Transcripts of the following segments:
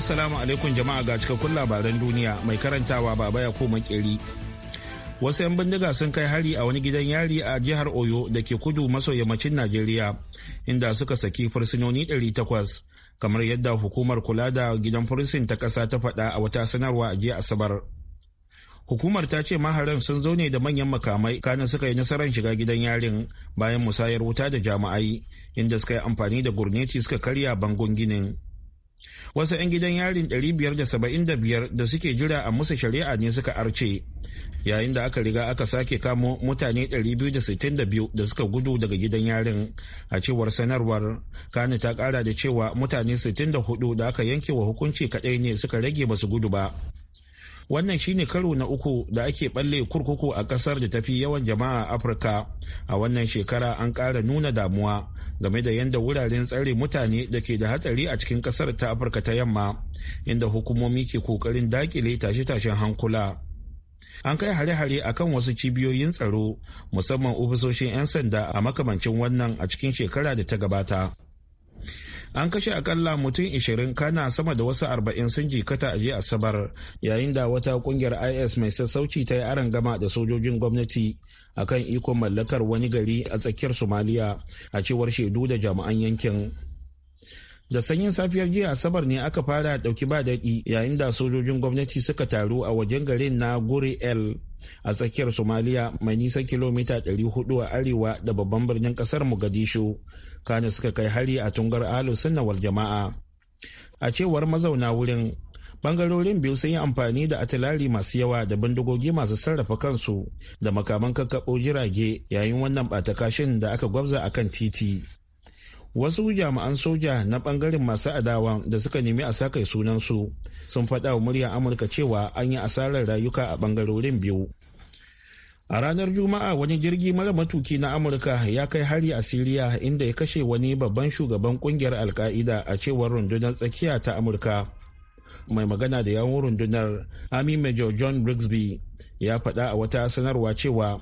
Assalamu alaikum jama'a ga cikakkun labaran duniya mai karantawa baba ya koma makeri. Wasu 'yan bindiga sun kai hari a wani gidan yari a jihar Oyo da ke kudu maso yammacin Najeriya inda suka saki fursunoni 800 kamar yadda hukumar kula da gidan fursun ta ƙasa ta faɗa a wata sanarwa a jiya Asabar. Hukumar ta ce maharan sun zo ne da manyan makamai kanin suka yi nasarar shiga gidan yarin bayan musayar wuta da jama'ai inda suka yi amfani da gurneti suka karya bangon ginin. wasu 'yan gidan yarin 575 da suke jira a musu shari'a ne suka arce yayin da aka riga aka sake kamo mutane 262 da suka gudu daga gidan yarin a cewar sanarwar kani ta kara da cewa mutane 64 da aka yanke wa hukunci kadai ne suka rage basu gudu ba wannan shine karo na uku da ake balle kurkuku a kasar da tafi yawan jama'a afirka a wannan shekara an kara nuna damuwa game da yadda wuraren tsare mutane da ke da hatsari a cikin kasar ta afirka ta yamma inda hukumomi ke kokarin dakile tashe-tashen hankula an kai hare-hare a kan wasu cibiyoyin tsaro musamman ofisoshin 'yan sanda a makamancin wannan a cikin shekara da ta gabata an kashe akalla mutum 20 kana sama da wasu 40 sun jikata a jiya asabar yayin da wata kungiyar is mai sassauci ta yi aron gama da sojojin gwamnati akan ikon mallakar wani gari a tsakiyar somaliya a cewar shaidu da jami'an yankin da sanyin safiyar jiya asabar ne aka fara dauki ba daɗi yayin da sojojin gwamnati suka taru a wajen garin na el a tsakiyar somaliya mai nisan kilomita 400 a arewa da babban birnin kasar mogadishu kano suka kai hari a tungar alu sunna jama'a a cewar mazauna wurin bangarorin biyu sun yi amfani da atilari masu yawa da bindigogi masu sarrafa kansu da makaman kakkaɓo jirage yayin wannan batakashin da aka gwabza a kan titi wasu jami'an soja na bangaren masu adawa da suka nemi a sakai sunansu sun faɗa wa muryar amurka cewa an yi asarar rayuka a bangarorin biyu a ranar juma'a wani jirgi mara matuki na amurka ya kai hari a siriya inda ya kashe wani babban shugaban kungiyar alka'ida a cewar rundunar tsakiya ta amurka mai magana da yawon rundunar army major john Brigsby ya faɗa a wata sanarwa cewa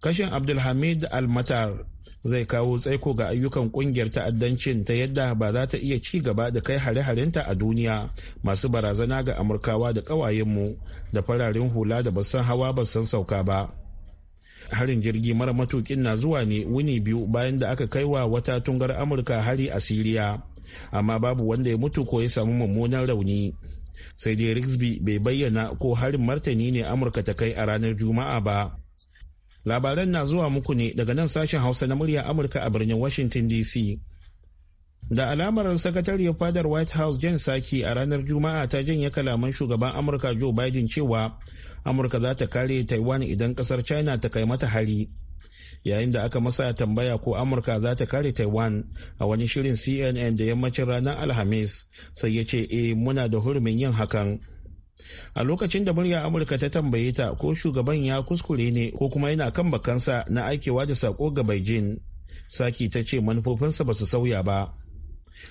kashin abdulhamid almatar zai kawo tsaiko ga ayyukan kungiyar ta'addancin ta yadda ba za ta iya ci gaba da kai hare-harenta a duniya masu barazana ga amurkawa da ƙawayenmu da fararen hula da basan hawa basan sauka ba harin jirgi mara matukin na zuwa ne wuni biyu bayan da aka kai wa wata tungar amurka hari a siriya amma babu wanda ya mutu ko ya samu mummunan rauni sai dai rigsby bai bayyana ko harin martani ne amurka ta kai a ranar juma'a ba labaran na zuwa muku ne daga nan sashen hausa na murya amurka a birnin washington dc da alamar sakatariyar fadar white house jan saki a ranar juma'a ta janye kalaman shugaban amurka joe biden cewa amurka za ta kare taiwan idan kasar china ta kai mata hari yayin da aka masa tambaya ko amurka za ta kare taiwan a wani shirin cnn da yammacin ranar alhamis sai ya ce e muna da hurumin yin hakan a lokacin da murya amurka ta tambaye ta ko shugaban ya kuskure ne ko kuma yana kan bakansa na aikewa da sako ga beijing saki ta ce manufofinsa ba su sauya ba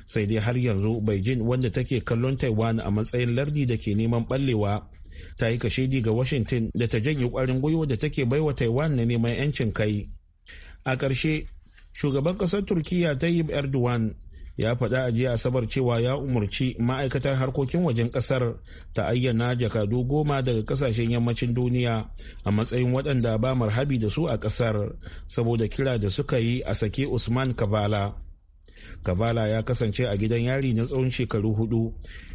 sai dai har yanzu beijing wanda take kallon taiwan a matsayin lardi da ke neman ballewa ta yi kashedi ga washington da ta janye kwarin gwiwa da take baiwa taiwan na neman 'yancin kai a ƙarshe shugaban ƙasar turkiya tayyip erdogan ya faɗa a jiya asabar cewa ya umarci ma'aikatar harkokin wajen ƙasar ta ayyana jakadu goma daga ƙasashen yammacin duniya a matsayin waɗanda ba marhabi da su a ƙasar saboda kira da suka yi a sake usman kabala kabala ya kasance a gidan yari na tsawon shekaru hudu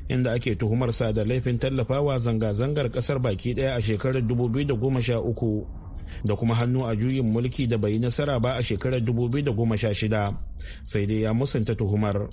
inda ake tuhumarsa da laifin tallafawa zanga-zangar kasar baki daya a shekarar 2013 da kuma hannu a juyin mulki da bai nasara ba a shekarar 2016 sai dai ya musanta tuhumar.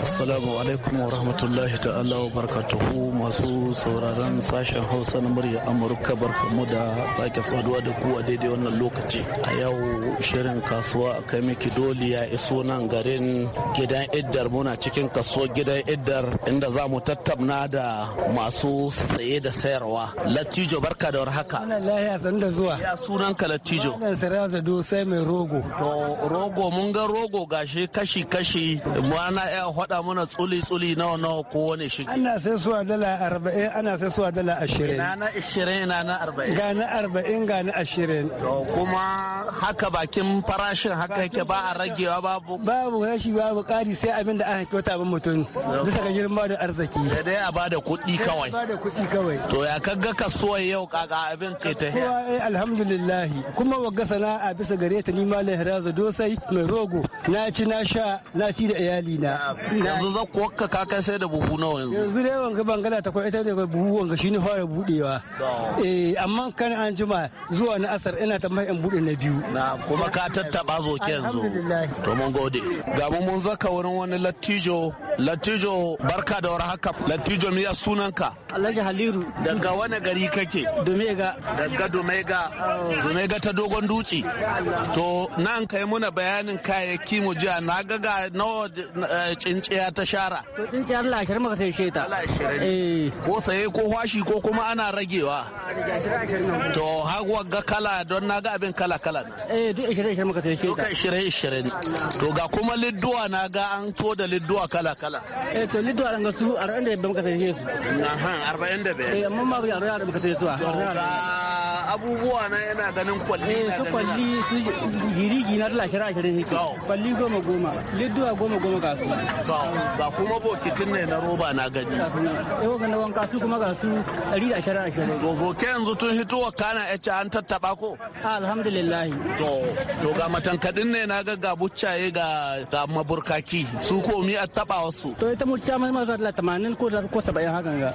Assalamu alaikum wa rahmatullahi ta'ala wa barakatuhu masu sauraron sashen Hausa na murya Amurka barkamu da sake saduwa da ku a daidai wannan lokaci. A yau shirin kasuwa a kai miki doli ya iso nan garin gidan iddar muna cikin kaso gidan iddar inda za mu tattauna da masu saye da sayarwa. Lattijo barka da warhaka. Lahiya san da zuwa. Ya sunanka Lattijo. Wannan sirra zado sai mai rogo. To rogo mun ga rogo gashi kashi kashi mu ana iya mana tsuli-tsuli na wani kowane shige. Ana sai suwa dala arba'in ana sai suwa dala ashirin. Ina na ashirin ina na arba'in. Ga na arba'in ga na ashirin. To kuma haka bakin farashin haka yake ba a ragewa babu. Babu rashi babu ƙari sai abin da aka kyauta ba mutum. Bisa ga girma da arziki. Da dai a da kuɗi kawai. da kuɗi kawai. To ya kaga kasuwar yau kaga abin kai ta hiya. Kowa eh alhamdulillah kuma wagga sana'a bisa gare ta ni malam Hiraza Dosai mai rogo na ci na sha na ci da iyali na. yanzu za ku wakka kakan sai da buhu nawa yanzu yanzu dai wanga bangala ta kwai ita ne buhu wanga shine fara budewa eh amma kan an jima zuwa na asar ina ta mai in bude na biyu na kuma ka tattaba zo ke yanzu to mun gode ga mu mun zaka wurin wani lattijo lattijo barka da war haka lattijo miya sunanka Alhaji Haliru. Daga wani gari kake? Dumega. Daga Dumega. Oh. Dumega ta dogon dutse. To nan kai muna bayanin kayayyaki mu jiya na ga ga nawa cinciya eh, ta shara. To cinciya Allah ashirin maka sai sheta. Allah ashirin. Eh. Ko saye ko washi ko kuma ana ragewa. To har ga kala don na ga abin kala kala. Eh duk ashirin ashirin maka sai sheta. Duka ashirin ashirin. To ga kuma lidduwa na ga an to da lidduwa kala kala. Eh to lidduwa an ga su ranar da yabba ka sai su. 45 eh mun ma yaro yaro muka sai zuwa abubuwa na yana ganin kwalli eh, na su kwalli su girigi na dala shirin shirin hiki kwalli goma goma lidduwa goma goma ga su Ba kuma bokitin ne na roba na gani eh ga na wanka su kuma ga su 120 to boke yanzu tun hitowa kana ci an tattaba ko ah, alhamdulillah to to ga matankadin ne na ga ga buccaye ga ga maburkaki su ko mi a taba wasu to ita mutta mai ma za ta 80 ko ko 70 hakan ga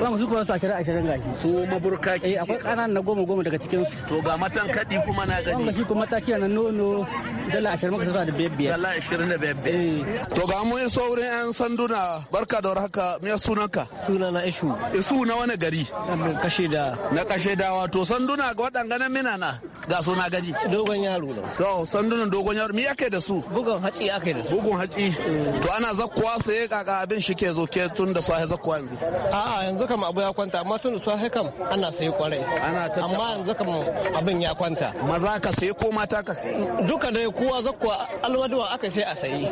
ba mu su kuma su ashirin ashirin gashi su maburka eh akwai ƙananan na goma goma daga cikin su to ga matan kadi kuma na gani wanda shi kuma tsakiya na nono dala ashirin maka sa da bebbiya dala ashirin da bebbiya eh. to ga mu iso saurin yan sanduna barka da warhaka me sunanka sunana ishu isu na wani gari kashe da na kashe da wato sanduna ga waɗanga na mina na ga suna gani dogon yaro da to sandunan dogon yaro mi yake da su bugun haci ake da su bugun haci eh. to ana zakkuwa sai kaka abin shi ke zo ke tun da su ai zakkuwa yanzu a'a yanzu kam abu ya kwanta amma tun su sai kam ana sai kwarai amma yanzu kam abin ya kwanta maza ka sai ko mata ka sai duka dai kowa zakwa alwaduwa aka sai a sayi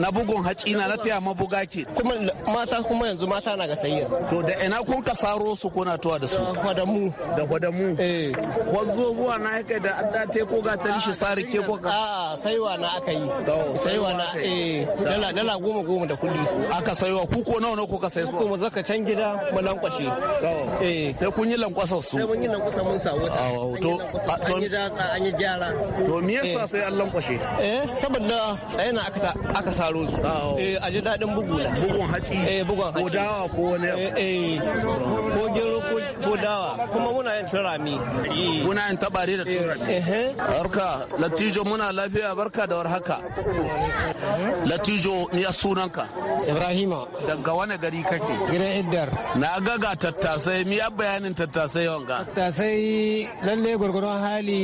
na bugun haci na na taya mabuga ke kuma mata kuma yanzu mata na ga sayi to da ina kun ka saro su kuna tuwa da su kwadamu da kwadamu eh wazo zuwa na kai da adda te ko ga tarishi sari ke ko ka a saiwa na aka yi saiwa na eh dala dala goma goma da kudi aka saiwa ku ko nawa ne ko ka sai su kuma zaka can gida tsaya mu lankwashe eh sai kun yi lankwasar su sai mun yi lankwasa mun sa wuta to an yi datsa an yi gyara to me yasa eh. sai an lankwashe eh saboda tsayana aka aka saro su eh a ji dadin bugu la. bugun haci eh bugun haci ko dawa ko wani eh, eh ko gero ko dawa kuma muna yin turami muna yin tabare da turami eh, eh barka latijo muna lafiya barka da haka. latijo ni sunanka ibrahima daga wani gari kake gidan iddar na ga ga tattasai miya bayanin tattasai wanga tattasai lalle gwargwaron hali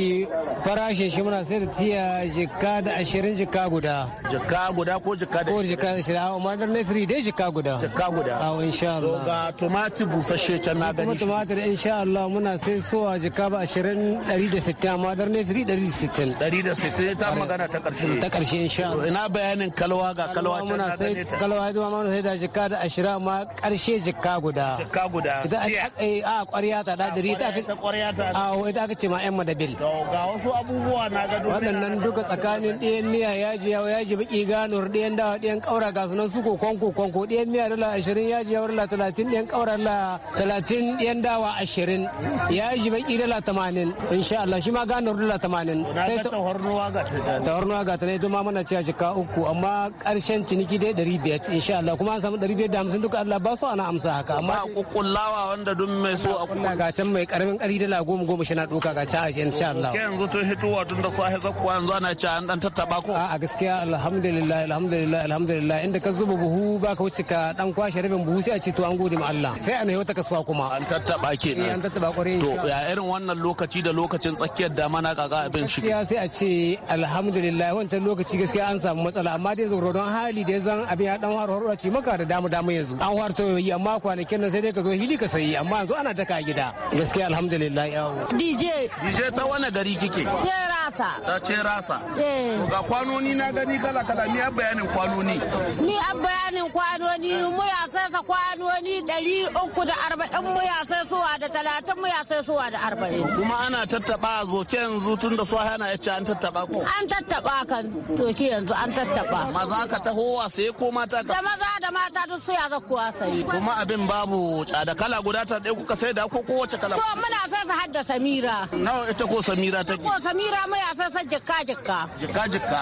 farashin shi muna sai da tiya jika da ashirin jika guda jika guda ko jika da ko jika da ashirin amma da nasiri dai jika guda jika guda a insha Allah ga tumatir busasshe can na gani tumatir insha Allah muna sai sowa jika ba ashirin ɗari da sittin amma da nasiri ɗari da sittin ɗari da sittin ta magana ta ƙarshe ta ƙarshe sha Allah ina bayanin kalwa ga kalwa can na gani kalwa ita ma muna sai da jika da ashirin amma ƙarshe jika guda ka guda ita eh, a kai a kwarya ta da dari ita ita ta a wai aka kace ma yan madabil to ga wasu abubuwa na ga waɗannan duka tsakanin ɗayan miya yaji yawo yaji baki ganor ɗayan dawa ɗayan kaura ga sunan su ko konko konko ɗayan miya dala 20 yaji yawo dala 30 ɗayan kaura dala 30 ɗayan dawa 20 yaji baki dala 80 insha Allah shi ma ganor dala 80 sai ta hornuwa ga ta hornuwa ga ta ne ma mana cewa jika uku amma ƙarshen ciniki dai 500 insha Allah kuma an samu ɗari da hamsin duka Allah ba su ana amsa haka amma a kukullawa wanda dun mai so a kukkulla ga can mai karamin kari dala goma goma shi na doka ga ca a shi insha Allah yanzu tun hituwa tun da sahi zakkuwa yanzu ana ci an dan tattaba ko a gaskiya alhamdulillah alhamdulillah alhamdulillah inda ka zuba buhu ba ka wuce ka dan kwashe rabin buhu sai a ce to an gode ma Allah sai a nayi ta kasuwa kuma an tattaba ne eh, an tattaba kwarai to ya irin wannan lokaci da lokacin tsakiyar da na kaga abin shi gaskiya sai a ce alhamdulillah wancan lokaci gaskiya an samu matsala amma dai zo rodon hali da zan abin ya dan har har ci maka da damu damu yanzu an har to yi amma kwa kwanakin nan sai dai ka zo hili ka sayi amma yanzu ana daka gida gaskiya alhamdulillah yawo dj dj ta wani gari kike jera rasa ta ce rasa eh. ga kwanoni na gani kala kala ni bayanin kwanoni ni a bayanin kwanoni mu ya sai sa kwanoni 340 mu ya sai suwa da 30 mu ya sai suwa da 40 kuma ana tattaba zoke yanzu tun da suwa yana yace an tattaba ko an tattaba kan zoke yanzu an tattaba maza ka taho sai ko mata ka da maza da mata duk su ya zakkuwa sai kuma abin babu tsada kala guda ta ɗaya kuka sai da ko kowace kala to muna sai sa hadda samira nawa ita ko samira take ko samira kuma ya san san jikka jikka. Jikka jikka.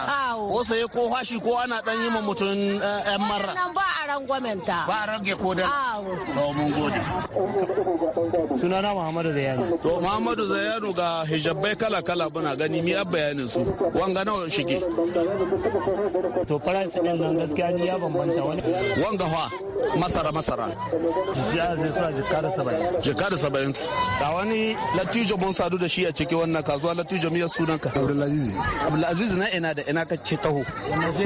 Ko saye ko hashi ko ana dan yi ma eh, yan mara. nan ba a rangwamenta. Ba a rage ko da. To mun gode. Sunana Muhammadu Zayano. To Muhammadu Zayano ga hijabai kala kala muna gani mi a bayanin su. Wanga nawa shige. To faransi din nan gaskiya ni ya bambanta wani. Wanga fa masara masara. Jiya zai suna jikka da saba'in. Jikka da saba'in. Ga wani latijo mun sadu da shi a ciki wannan kasuwa latijo miyar sunan sunanka abdulaziz abdulaziz na ina da ina kake taho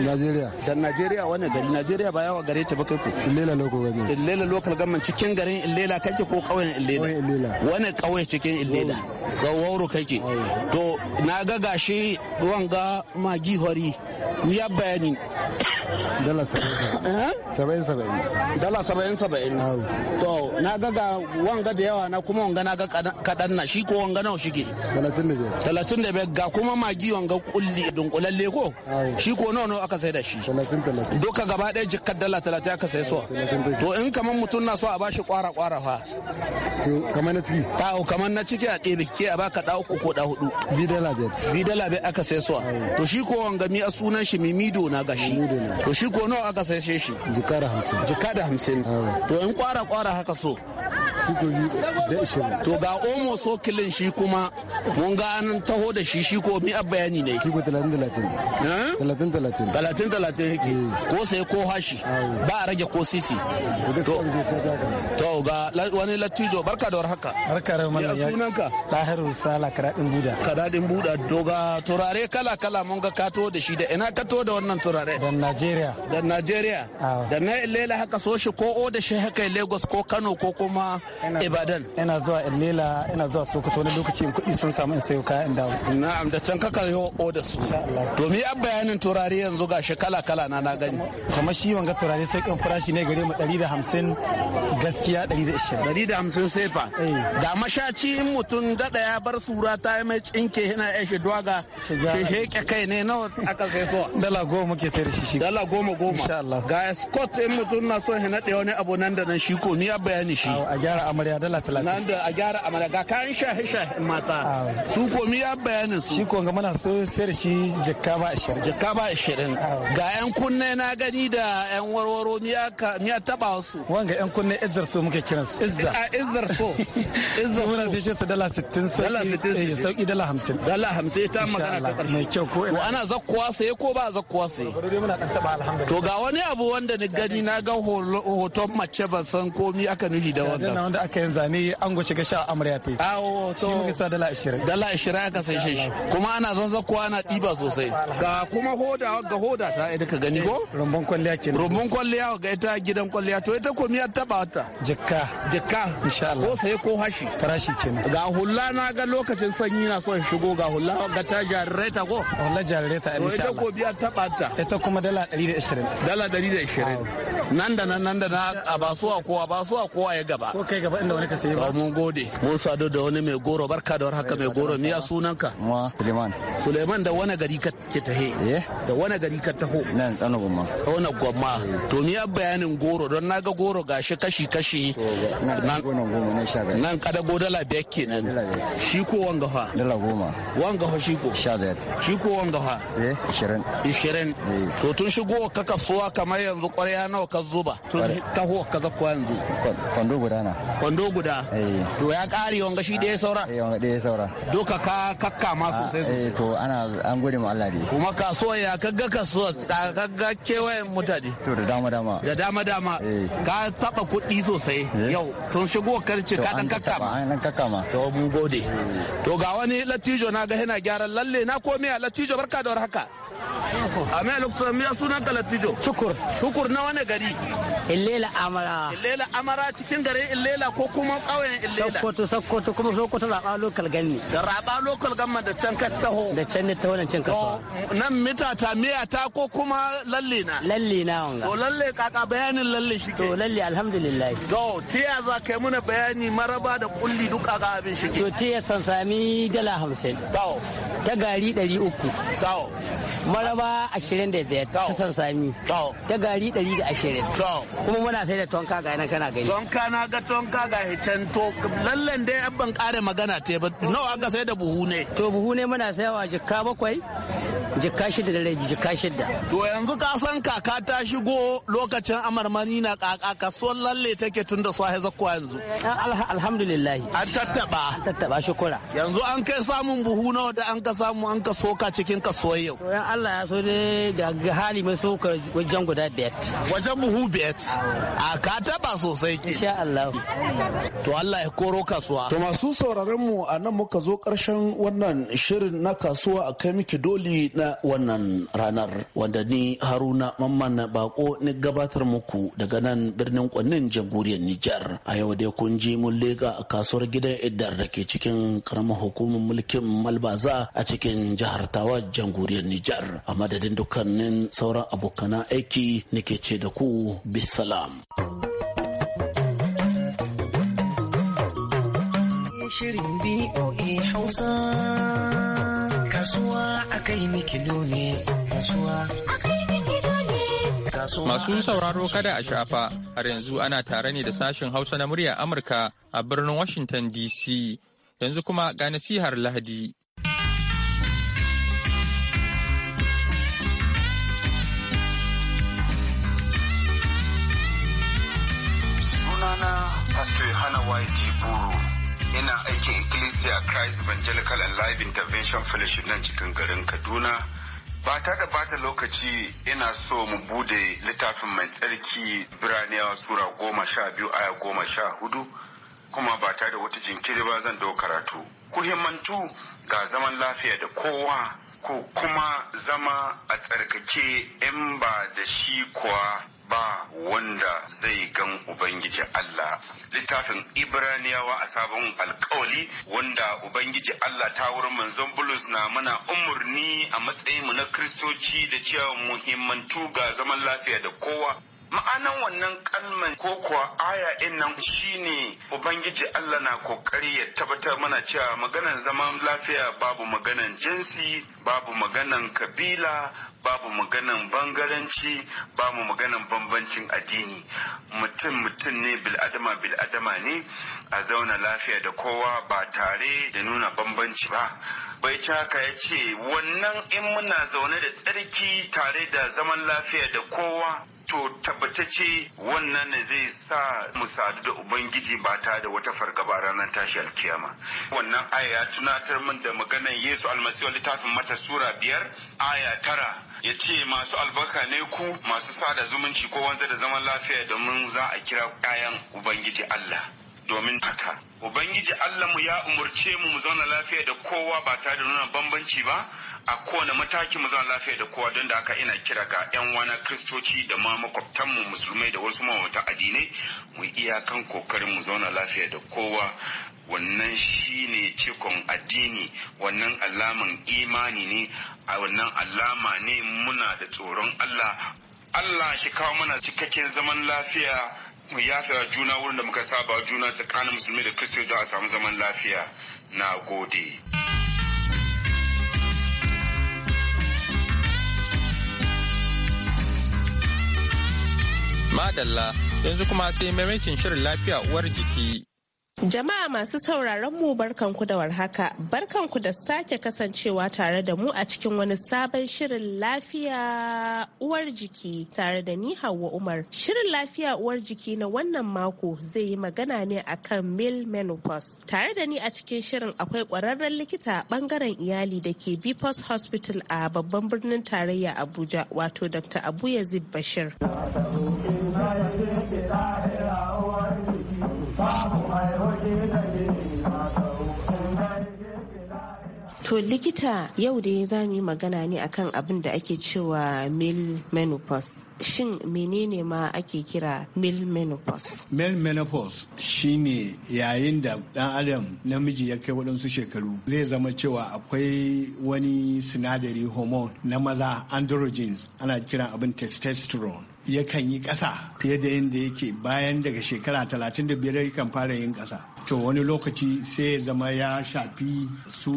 najeriya da najeriya wani gari najeriya ba yawa gare ta ba kai ku illela local government illela local government cikin garin illela kake ko kauyen illela wani kauye cikin illela ga wauro kake to na ga gashi wanga magi hori ya bayani Dala saba'in saba'in. Dala saba'in saba'in. To na gaga ga wanga da yawa na kuma wanga na ga kadan na shi ko wanga nawa shike. Talatin da biyar. Talatin da biyar ga kuma magi wanga kulli dunkulalle ko. Shi ko nawa nawa aka sai da shi. Talatin talatin. Duka gaba ɗaya jikkar dala talatin aka sai so. To in kamar mutum na so a bashi kwara kwara fa. To kamar na ciki. Ta'o kamar na ciki a ɗebe ke a baka ɗa uku ko da hudu. Bi dala biyar. Bi dala biyar aka sai so. To shi ko wanga mi a sunan shi mimido na gashi. to shi ko nawa aka sai shi jika da hamsin jika da hamsin to in kwara kwara haka so to ga omo so kilin shi kuma mun ga an taho da shi shi ko mi a bayani ne shi ko 30 30 30 30 talatin yake eh. ko sai ko hashi ba a rage ko sisi to ga wani lattijo barka da warhaka barka da mallam ya sunanka tahir sala karadin buda karadin buda to ga turare kala kala mun ga kato da shi da ina kato da wannan turare dan Najeriya dan Najeriya Dan na ilela haka so shi ko o da shi haka Lagos ko Kano ko kuma Ibadan. Eh, ina zuwa Illila, ina zuwa Sokoto wani lokaci in kuɗi sun samu in sayo kaya in dawo. Na'am da can kakan yi oda su. domin mi bayanin turare yanzu ga kala kala na na gani. Kamar shi wanga turare sai kan farashi ne gare mu 150 da hamsin gaskiya 120 da ishirin. Ɗari da hamsin eh. Da mashaci in mutum dada ya bar sura ta yi mai cinke yana ya shi dwaga. Shesheke kai ne nawa aka sai so. Dala goma muke sai da shi shi. Dala goma goma. Insha Allah. Ga in mutum na so ya naɗe wani abu nan da nan shi ko mi ya bayani shi. A gyara amarya dala talatin. Nan da a gyara amarya ga kayan shahe-shahen mata. Su komi ya bayanin su. Shi ko ga mana so sayar shi jikka ba ashirin. Jikka ba ashirin. Ga 'yan kunne na gani da 'yan warwaro ni ya taba su. Wanga 'yan kunne izzar so muke kiran su. Izza. Ah, izzar so. Izzar so. Muna sai su dala sittin sauki. Dala sittin. Eh, sauki dala hamsin. Dala hamsin ta magana ta ƙarshe. Mai kyau ko ina. Ana zakkuwa sai ko ba zakkuwa saye. To ga wani abu wanda ni gani na ga hoton mace ba san komi aka nuhi da wannan. da aka yin zane an gwace ga sha amarya ta awo to shi muka sa dala ashirin. dala ashirin aka sai shi kuma ana zanzan kowa ana ɗiba sosai ga kuma hoda ga hoda ta idan ka gani ko eh, rumbun kwalliya kenan rumbun kwalliya ga ita gidan kwalliya to ita ko miyar taba ta jikka jikka insha Allah ko sai ko hashi farashi kenan ga hula na ga lokacin sanyi na son shigo ga hula ga ta jarreta ko jarirai ta insha Allah ita ko biya taba ta ita kuma dala ashirin. dala ashirin. nan da nan nan da na a basuwa kowa basuwa kowa ya gaba ko kai gaba inda wani ka sayi ba. Mun gode. Mun sadu da wani mai goro barka da haka mai goro miya sunan Ma Suleiman. Suleiman da wani gari ka ke tahe. Eh? Da wani gari ka taho. Nan tsano gwamma. Tsano gwamma. To miya bayanin goro don naga goro gashi kashi kashi. Nan kada go dala biyar kenan. Shi ko wanga fa. Dala goma. Wanga fa shi ko. Sha biyar. Shi ko wanga fa. Eh ishirin. Ishirin. Eh. To tun shigo ka kasuwa kamar yanzu kwarya nawa ka zuba. taho ka zakuwa yanzu. Kwando gudana. kwando guda eh. to ya kare wanga shi da ya saura eh wanga da ya saura doka ka kakka ma ah, sosai sosai eh to ana an gode mu Allah dai kuma kasuwa ya kaga kasuwa ta kaga kewayen mutane to da dama dama da dama dama eh. ka taba kuɗi sosai eh. yau tun shigo karce ka dan kakka ma an kakka ma to mu gode to ga wani latijo na ga yana gyaran lalle na komai latijo barka da warhaka Amel mai lokacin miya sunan kalatijo Shukur. Shukur na wani gari illela amara illela amara cikin gari illela ko kuma ƙauyen illela sokoto sokoto kuma sokoto raba lokal ne. da raba lokal ma da can ka taho da can ne taho nan can taho. nan mita ta miya ta ko kuma lalle na lalle na wanga to lalle kaka bayanin lalle shi to lalle alhamdulillah to tiya za kai muna bayani maraba da kulli duka ga abin shi to tiya san sami dala 50 to ta gari 300 to maraba 25 ta san sami ta gari 120 kuma muna sai da tonka ga nan kana gani tonka na ga tonka ga hitan to lallan dai abban kare magana te ba nawa ga sai da buhu ne to buhu ne muna wa jikka bakwai jikka shida da rabi jikka shida to yanzu ka san kaka ta shigo lokacin amarmani na kaka so lalle take tun da sahi zakwa yanzu eh, alhamdulillah an tattaba tattaba shukura yanzu an kai samun buhu nawa da an ka samu an ka soka cikin kasuwar yau Allah ya so dai ga hali mai so ka wajen guda biyar. Wajen buhu A ka taba sosai ke. Insha Allah. To Allah ya koro kasuwa. To masu sauraron mu a nan muka zo karshen wannan shirin na kasuwa a kai miki doli na wannan ranar wanda ni Haruna Mamman Bako ni gabatar muku daga nan birnin Kwannin jamhuriyar Nijar. A yau dai kun ji mun lega a kasuwar gidan Idar da ke cikin karamar hukumar mulkin Malbaza a cikin jihar Tawa jamhuriyar Nijar. Nijar. A madadin dukkanin sauran abokanan aiki nake ce da ku bisalam. Shirin BOA Hausa Kasuwa a kai ne Kasuwa Masu sauraro kada a shafa har yanzu ana tare ne da sashen Hausa na murya Amurka a birnin Washington DC yanzu kuma ga nasihar Lahadi. sunana Pastor Hana YD Buru. Ina aikin Ecclesia Christ Evangelical and Life Intervention Fellowship nan cikin garin Kaduna. Ba ta da bata lokaci ina so mu bude littafin mai tsarki Biraniyawa Sura goma sha biyu aya goma sha hudu kuma ba ta da wata jinkiri ba zan dau karatu. Ku himmantu ga zaman lafiya da kowa ko kuma zama a tsarkake in ba da shi kuwa ba wanda zai gan Ubangiji Allah. Littafin Ibraniyawa a sabon alkawali wanda Ubangiji Allah ta wurin manzon Bulus na mana umarni a matsayinmu na Kiristoci da cewa muhimmantu ga zaman lafiya da kowa ma'anan wannan kalman ko kuwa aya in nan shine ubangiji Allah na kokari ya tabbatar mana cewa maganan zaman lafiya babu maganan jinsi babu maganan kabila babu maganan bangaranci babu maganan bambancin addini mutum mutum ne bil'adama bil'adama ne a zauna lafiya da kowa ba tare da nuna bambanci ba bai haka ya ce wannan in muna zaune da tsarki tare da zaman lafiya da kowa to tabbatacce wannan ne zai sa mu da ubangiji ba ta da wata fargaba ranar tashi alkiyama wannan aya ya tunatar min da maganar yesu almasihu littafin mata sura biyar aya tara ya ce masu albarka ne ku masu sada zumunci ko wanda da zaman lafiya domin za a kira kayan ubangiji allah domin haka ubangiji mu ya umurce mu mu zauna lafiya da kowa ba tare da nuna bambanci ba a kowane mataki mu zauna lafiya da kowa don da aka ina kira ga yan wana kristoci da ma makwabtanmu musulmai da wasu mawata addinai mu iyakan kokarin mu zauna lafiya da kowa wannan shi ne cikon addini wannan alaman imani ne a wannan alama ne muna da tsoron Allah Allah shi kawo mana cikakken zaman lafiya mu yafe juna wurin da muka saba juna tsakanin musulmi da kristi don a samu zaman lafiya na gode. Madalla yanzu kuma sai maimakin shirin lafiya uwar jiki Jama'a masu sauraron mu barkanku da warhaka, barkanku da sake kasancewa tare da mu a cikin wani sabon shirin lafiya uwar jiki tare da ni Hauwa Umar. Shirin lafiya uwar jiki na wannan mako zai yi magana ne akan male menopause. Tare da ni a cikin shirin akwai kwararren likita bangaren iyali da ke Bipos Hospital a babban birnin tarayya Abuja wato Dr. Abu Yazid Bashir. To likita yau da za mu yi magana ne akan abin da ake cewa mil menopause. Shin menene ma ake kira mil menopause? Mil menopause shine yayin da dan adam namiji ya kai waɗansu shekaru zai zama cewa akwai wani sinadari hormone na maza androgens ana kiran abin testosterone yakan yi ƙasa fiye da yadda yake bayan daga shekara 35 yakan fara yin ƙasa. to wani lokaci sai ya zama ya shafi su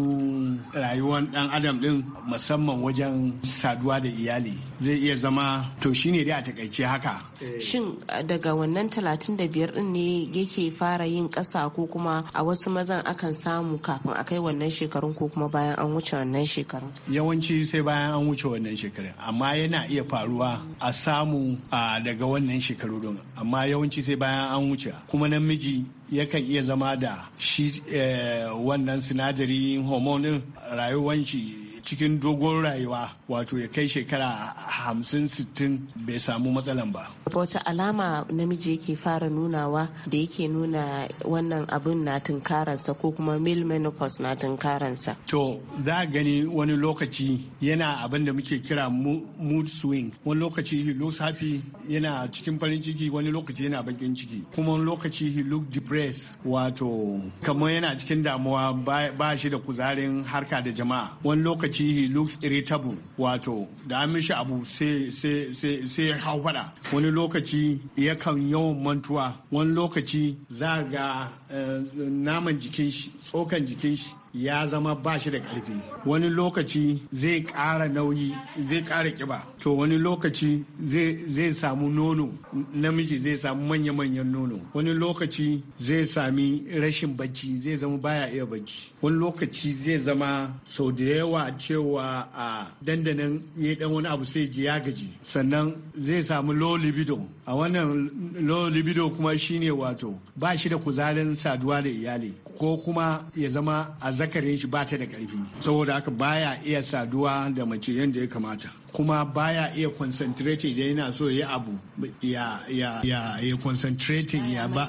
rayuwar ɗan adam ɗin musamman wajen saduwa da iyali zai iya zama to shine dai a takaice haka eh. shin daga wannan 35 din ne yake fara yin ƙasa ko kuma a wasu mazan akan samu kafin a kai wannan shekarun ko kuma bayan an wuce wannan shekarun yawanci sai bayan an wuce wannan shekarun amma yana iya faruwa a samu a daga wannan shekaru din amma yawanci sai bayan an wuce kuma namiji yakan iya zama da shi eh, wannan sinadari hormone rayuwar shi cikin dogon rayuwa wato ya kai shekara hamsin sittin bai samu matsalan ba. wata alama namiji yake fara nunawa da yake nuna wannan abin na tunkaransa ko kuma mil menopause na tunkaransa. to za a gani wani lokaci yana abin da muke kira mood swing wani lokaci he looks happy yana cikin farin ciki wani lokaci yana bakin ciki kuma wani lokaci he look depressed wato kamar yana cikin damuwa ba shi da kuzarin harka da jama'a wani lokaci tarihi lux looks irritable wato da an abu sai hau fada wani lokaci yakan yawan mantuwa wani lokaci za ga eh, naman jikin shi tsokan jikin shi ya zama ba shi da ƙarfi wani lokaci zai ƙara nauyi zai ƙara kiba to wani lokaci zai samu nono namiji zai samu manya-manyan nono wani lokaci zai sami rashin bacci zai zama baya iya bacci wani lokaci zai zama sau da yawa cewa a dandanan ya dan wani abu sai ji ya gaji sannan zai samu low a wannan low libido kuma shine wato ba shi da kuzarin saduwa da iyali ko kuma ya zama a zakarin shi ba ta da ƙarfi saboda haka baya iya saduwa da mace yadda ya kamata kuma baya iya concentrating idan yana so ya abu ya ya ya ya concentrating ya ba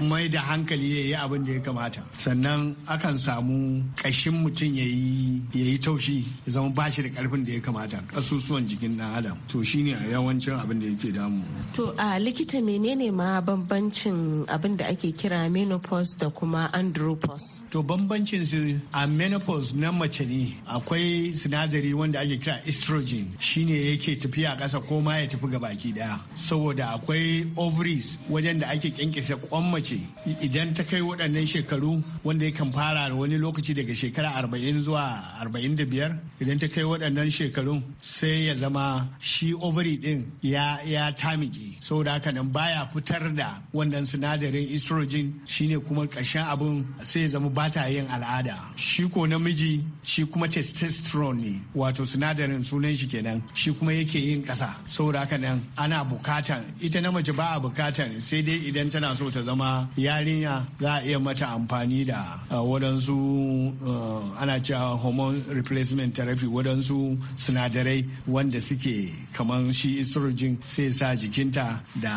mai da hankali ya yi abin da ya kamata sannan akan samu kashin mutum ya yi taushi ya zama ba shi da karfin da ya kamata kasusuwan jikin dan adam to shine yawancin abin da yake damu to a likita menene ma bambancin abin da ake kira menopause da kuma andropause to bambancin su a menopause na mace ne akwai sinadari wanda ake kira estrogen namijin shine yake tafiya ƙasa ko ma ya tafi ga baki daya saboda akwai ovaries wajen da ake kyankyasa kwan mace idan ta kai waɗannan shekaru wanda yakan fara da wani lokaci daga shekara arba'in zuwa arba'in da biyar idan ta kai waɗannan shekarun sai ya zama shi ovary din ya ya tamiki saboda haka nan baya fitar da wannan sinadarin estrogen shine kuma ƙarshen abin sai ya zama ba yin al'ada shi ko namiji shi kuma testosterone ne wato sinadarin sunan shi kenan shi kuma yake yin ƙasa saboda haka nan ana bukatan ita na mace ba a bukatan sai dai idan tana so ta zama yarinya za a iya mata amfani da eh, waɗansu eh, ana cewa hormone replacement therapy waɗansu sinadarai wanda suke kamar shi estrogen sai sa jikinta da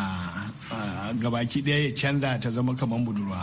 eh, gabaki ɗaya ya canza ta zama kamar budurwa.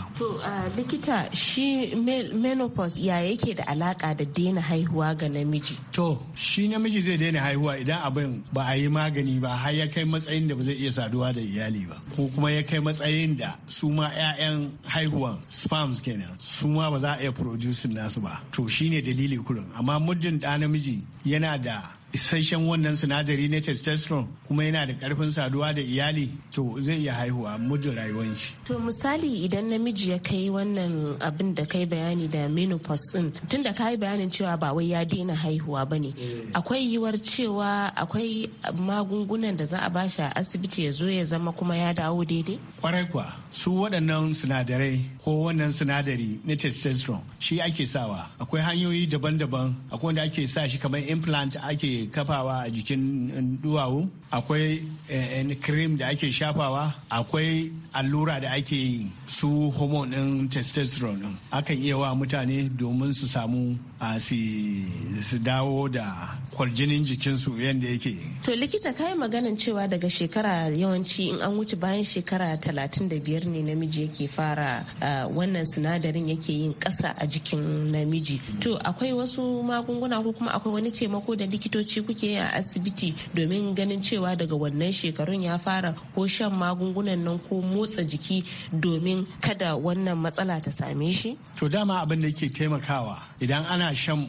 likita shi menopause ya yake da alaka da daina haihuwa ga namiji? To shi namiji zai daina daina haihuwa idan abin ba a yi magani ba har ya kai matsayin da ba zai iya saduwa da iyali ba ko kuma ya kai matsayin da su ma 'ya'yan haihuwan sperms kenan su ma ba za a iya producing nasu ba to shine dalili kurin amma muddin da namiji yana da isasshen wannan sinadari na testosterone kuma yana da karfin saduwa da iyali to zai iya haihuwa muddin rayuwar shi. To misali idan namiji ya kai wannan abin da kai bayani da menopause din tun da kai bayanin cewa ba wai ya daina haihuwa ba ne. Eh. Akwai yiwuwar cewa akwai magungunan da za a bashi a asibiti ya zo ya zama kuma ya dawo daidai? Kwarai kuwa su waɗannan sinadarai ko wannan sinadari na testosterone shi ake sawa akwai hanyoyi daban-daban akwai wanda ake sa shi kamar implant ake kafawa a jikin eh, duwawu akwai eh, eh, cream da ake shafawa akwai allura da ake yi su hormone din testosterone din akan iya wa mutane domin su samu su dawo da kwarjinin jikinsu yadda yake to likita kayi maganin cewa daga shekara yawanci in an wuce bayan shekara talatin da biyar ne namiji yake fara wannan sinadarin yake yin kasa a jikin namiji to akwai wasu magunguna ko kuma akwai wani taimako da likitoci likitoci kuke a asibiti domin ganin cewa daga wannan shekarun ya fara ko shan magungunan nan ko motsa jiki domin kada wannan matsala ta same shi? To dama abin da yake taimakawa idan ana shan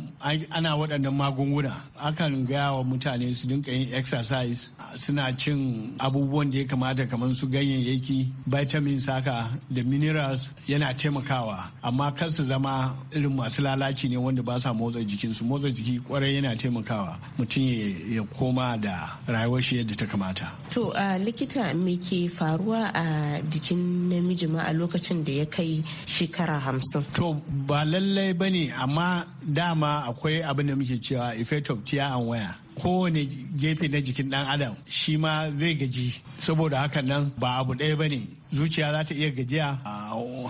ana waɗannan magunguna akan gaya wa mutane su dinka yin exercise suna cin abubuwan da ya kamata kamar su ganyayyaki vitamins saka, da minerals yana taimakawa amma kar su zama irin masu lalaci ne wanda ba sa motsa jikinsu motsa jiki kwarai yana taimakawa mutum ya koma da rayuwar shi yadda ta kamata to likita me ke faruwa a jikin namiji ma a lokacin da ya kai shekara hamsin to ba lallai bane amma dama akwai abin da muke cewa effect of tear and wear kowane gefe na jikin dan adam shi ma zai gaji saboda haka nan ba abu ɗaya ba ne zuciya za ta iya gajiya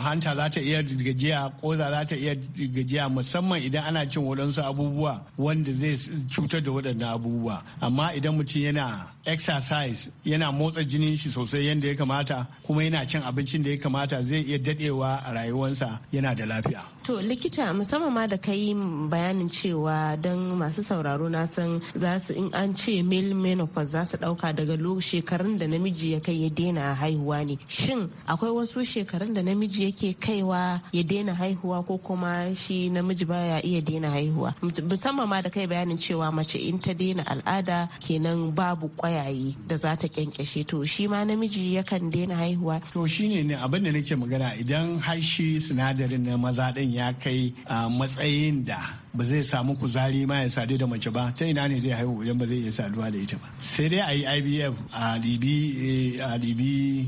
hanta za ta iya gajiya koza za ta iya gajiya musamman idan ana cin waɗansu abubuwa wanda zai cutar da waɗannan abubuwa amma idan mutum yana exercise yana motsa jinin shi sosai yadda ya kamata kuma yana cin abincin da ya kamata zai iya dadewa a rayuwarsa yana da lafiya to likita musamman ma da kai bayanin cewa don masu sauraro na san za su in an ce mil menopause za su dauka daga shekarun da namiji ya kai ya daina haihuwa ne shin akwai wasu shekarun da namiji yake kaiwa ya daina haihuwa ko kuma shi namiji baya iya daina haihuwa musamman ma da kai bayanin cewa mace in ta daina al'ada kenan babu kwayaye da za ta kyankyashe to shi ma namiji yakan daina haihuwa to shine ne abin da nake magana idan har sinadarin na maza din ya kai matsayin da ba zai samu kuzari ma ya sadu da mace ba ta ina ne zai haihu idan ba zai iya saduwa da ita ba sai dai a yi IVF a libi eh, a libi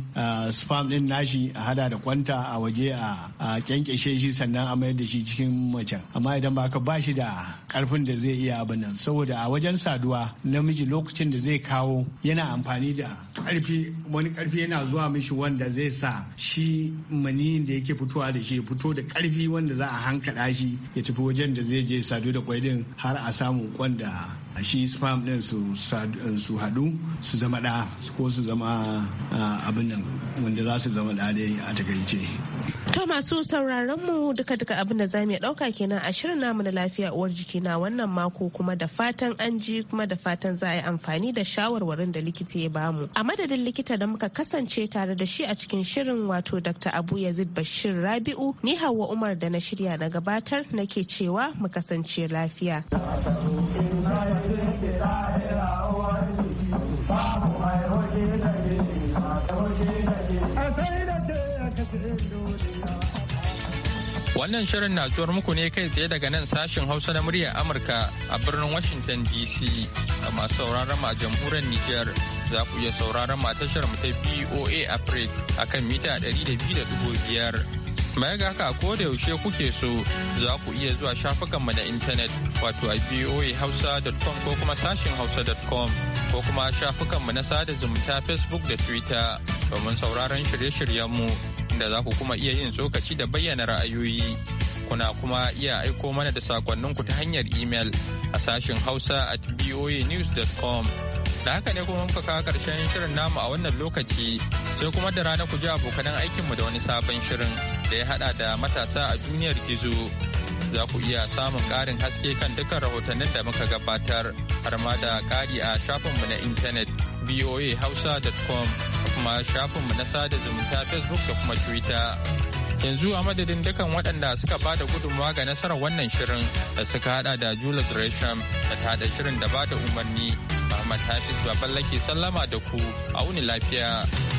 sperm din nashi a hada da kwanta a waje a kyankyashe shi sannan a mayar da shi cikin mace amma idan ba ka ba shi da karfin da zai iya abin nan saboda a wajen saduwa namiji lokacin da zai kawo yana amfani da karfi wani karfi yana zuwa mishi wanda zai sa shi maniyin da yake fitowa da shi fito da karfi wanda za a hankala shi ya tafi wajen da zai je zai sadu da kwai din har a samu kwan da shi sperm din eh, su hadu su zama da ko su zama ah, abin nan wanda za su zama da dai a takaice To masu sauraron mu duka-duka abin da za mu ɗauka kenan a shirin namu na lafiya uwar jiki na wannan mako kuma da fatan an ji kuma da fatan za a yi amfani da shawarwarin da likita ya bamu. A madadin likita da muka kasance tare da shi a cikin shirin wato Dr. Abu Yazid Bashir Rabi'u ni Hauwa Umar da na shirya na gabatar nake cewa mu kasance lafiya. Thank you. Wannan shirin na zuwar muku ne kai tsaye daga nan sashin Hausa na muryar Amurka a birnin Washington DC ga masu sauraron ma jamhuriyar Nijar za ku iya sauraron ma tashar mu ta BOA Africa kan mita da 200.5. Baya ga haka ko da yaushe kuke so za ku iya zuwa shafukan mu na intanet wato a boahausa.com ko kuma sashin hausa.com ko kuma shafukan mu na sada zumunta Facebook da Twitter domin sauraron shirye shiryen mu da za ku kuma iya yin tsokaci da bayyana ra'ayoyi. Kuna kuma iya aiko mana da sakonninku ta hanyar email a sashen Hausa at voanews.com. Da haka ne kuma muka kawo karshen shirin namu a wannan lokaci sai kuma da rana ku ji abokanan aikinmu da wani sabon shirin da ya hada da matasa a duniyar gizo. Za ku iya samun ƙarin haske kan dukkan rahotannin da muka gabatar har ma da ƙari a shafinmu na intanet voahausa.com kuma mu na sada zumunta facebook da kuma twitter yanzu a madadin dukan waɗanda suka ba da gudunmawa ga nasarar wannan shirin da suka haɗa da julius gresham da ta hada shirin da ba da umarni muhammad hafiz baballake sallama da ku a wuni lafiya